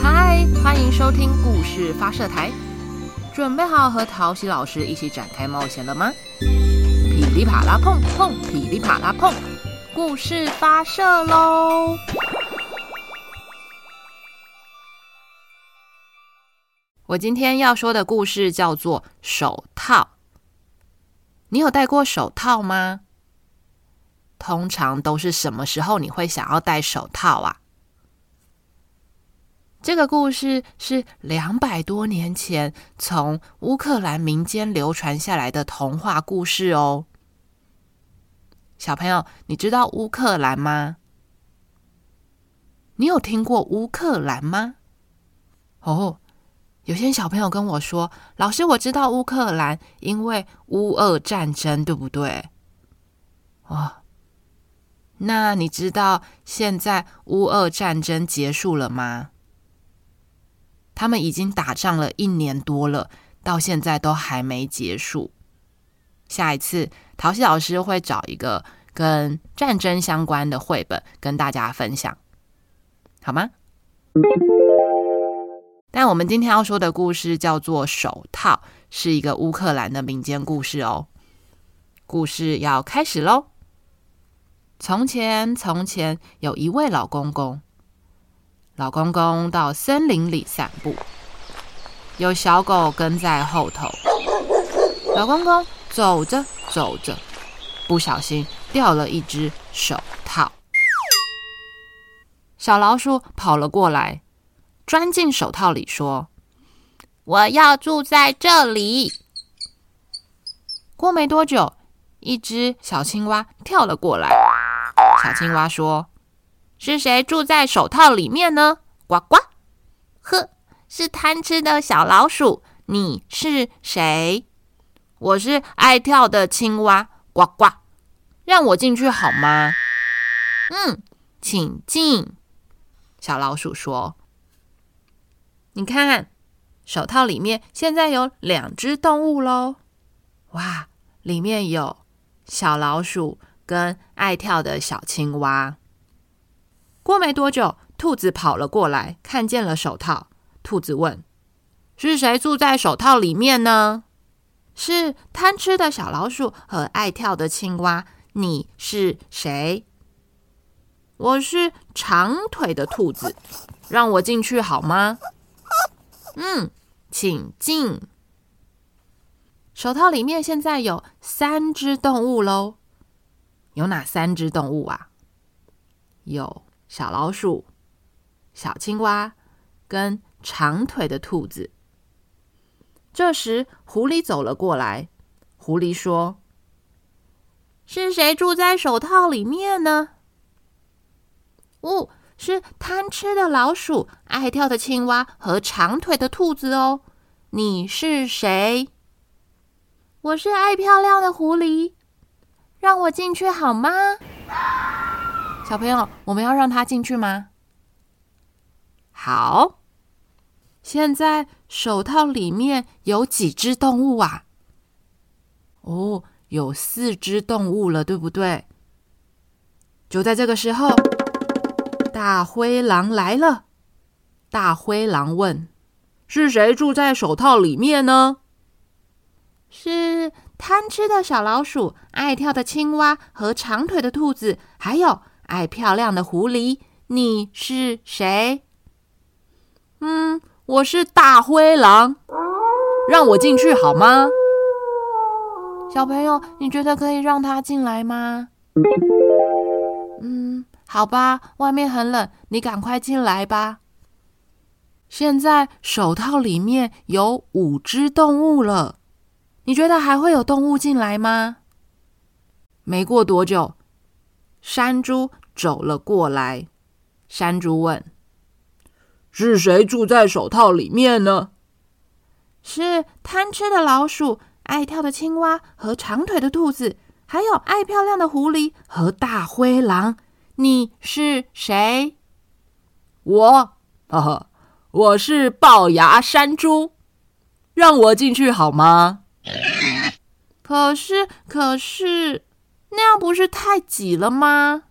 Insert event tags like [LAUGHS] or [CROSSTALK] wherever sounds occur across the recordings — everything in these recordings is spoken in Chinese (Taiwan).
嗨，歡迎收聽故事發射台，準備好和淘喜老師一起展開冒險了嗎？噼裡啪啦碰碰，噼裡啪啦碰，故事發射嘍！我今天要說的故事叫做手套。你有戴過手套嗎？通常都是什麼時候你會想要戴手套啊？這個故事是兩百多年前從烏克蘭民間流傳下來的童話故事哦。小朋友，你知道烏克蘭嗎？你有聽過烏克蘭嗎？哦，有些小朋友跟我說：“老師，我知道烏克蘭，因為烏俄戰爭，對不對？”哦，那你知道現在烏俄戰爭結束了嗎？他們已經打仗了一年多了，到現在都還沒結束。下一次，陶希老師會找一個跟戰爭相關的繪本跟大家分享，好嗎？嗯。但我們今天要說的故事叫做《手套》，是一個烏克蘭的民間故事哦。故事要開始嘍。從前，從前有一位老公公。老公公到森林裡散步，有小狗跟在後頭。老公公走着走着，不小心掉了一隻手套。小老鼠跑了過來，鑽進手套裡說：“我要住在這裡。”過沒多久，一隻小青蛙跳了過來。小青蛙說：是誰住在手套裡面呢？呱呱，呵，是貪吃的小老鼠。你是誰？我是愛跳的青蛙。呱呱，讓我進去好嗎？嗯，請進。小老鼠說：“你看，手套裡面現在有兩隻動物嘍！哇，裡面有小老鼠跟愛跳的小青蛙。”過沒多久，兔子跑了過來，看見了手套。兔子問：“是誰住在手套裡面呢？”“是貪吃的小老鼠和愛跳的青蛙。”“你是誰？”“我是長腿的兔子，讓我進去好嗎？”“嗯，請進。”手套裡面現在有三隻動物嘍。有哪三隻動物啊？有。小老鼠、小青蛙跟長腿的兔子。這時，狐狸走了過來。狐狸說：“是誰住在手套裡面呢？”“哦，是貪吃的老鼠、愛跳的青蛙和長腿的兔子哦。”“你是誰？”“我是愛漂亮的狐狸。”“讓我進去好嗎？”啊小朋友，我們要讓他進去嗎？好，現在手套裡面有幾隻動物啊？哦，有四隻動物了，對不對？就在這個時候，大灰狼來了。大灰狼問：“是誰住在手套裡面呢？”是貪吃的小老鼠、愛跳的青蛙和長腿的兔子，還有……愛漂亮的狐狸，你是誰？嗯，我是大灰狼，讓我進去好嗎？小朋友，你覺得可以讓他進來嗎？ [NOISE] 嗯，好吧，外面很冷，你趕快進來吧。現在手套裡面有五隻動物了，你覺得還會有動物進來嗎？沒過多久，山豬，走了過來，山豬問：“是誰住在手套裡面呢？”是貪吃的老鼠、愛跳的青蛙和長腿的兔子，還有愛漂亮的狐狸和大灰狼。你是誰？我，呵呵，我是齙牙山豬，讓我進去好嗎？可是，可是那樣不是太擠了嗎？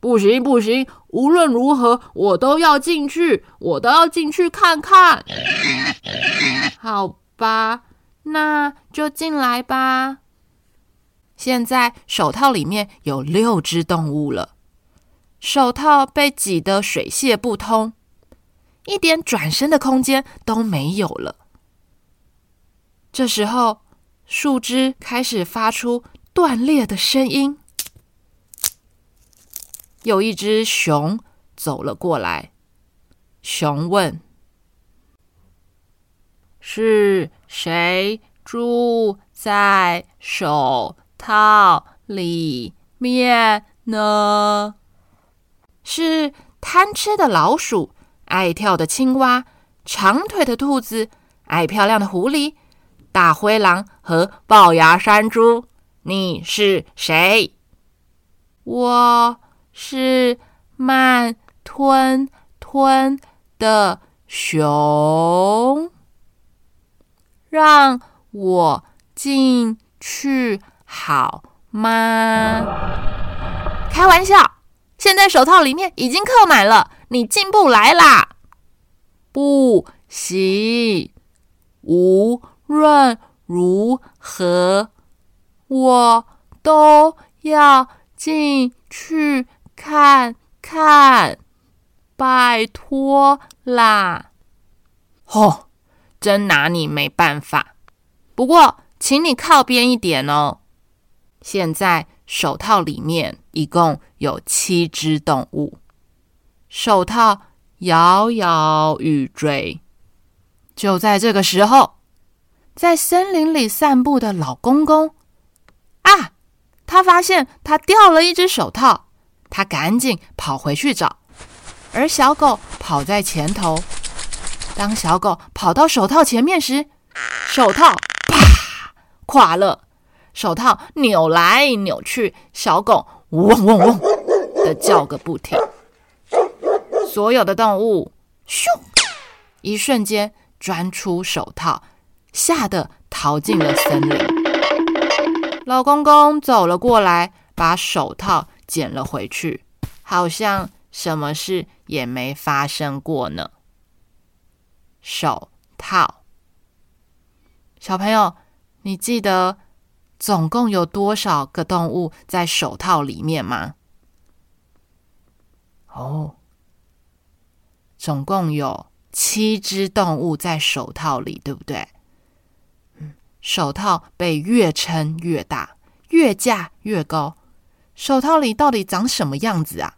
不行，不行！無論如何，我都要進去，我都要進去看看。 [LAUGHS] 好吧，那就進來吧。現在手套裡面有六隻動物了，手套被擠得水泄不通，一點轉身的空間都沒有了。這時候，樹枝開始發出斷裂的聲音。有一隻熊走了過來。熊問：“是誰住在手套裡面呢？”是貪吃的老鼠、愛跳的青蛙、長腿的兔子、愛漂亮的狐狸、大灰狼和齙牙山豬。你是誰？我。是慢吞吞的熊，讓我進去好嗎？開玩笑，現在手套裡面已經客滿了，你進不來啦！不行，無論如何，我都要進去。看看，拜託啦！哦，真拿你沒辦法。不過，請你靠邊一點哦。現在手套裡面一共有七隻動物，手套搖搖欲墜。就在這個時候，在森林裡散步的老公公啊，他發現他掉了一隻手套。他趕緊跑回去找，而小狗跑在前頭。當小狗跑到手套前面時，手套啪垮了，手套扭來扭去，小狗汪汪汪的叫個不停。所有的動物咻，一瞬間鑽出手套，嚇得逃進了森林。老公公走了過來，把手套撿了回去，好像什麼事也沒發生過呢。手套，小朋友，你記得總共有多少個動物在手套裡面嗎？哦、oh.，總共有七隻動物在手套裡，對不對？手套被越撐越大，越架越高。手套裡到底長什麼樣子啊？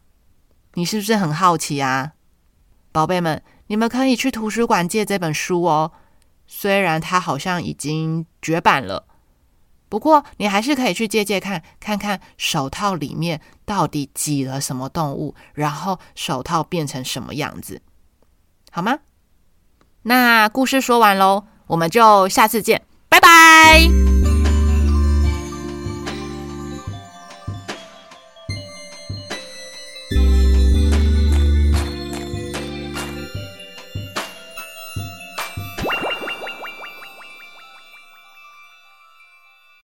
你是不是很好奇啊？寶貝們，你們可以去圖書館借這本書哦。雖然它好像已經絕版了，不過你還是可以去借借看看，看手套裡面到底擠了什麼動物，然後手套變成什麼樣子，好嗎？那故事說完嘍，我們就下次見，拜拜。嗯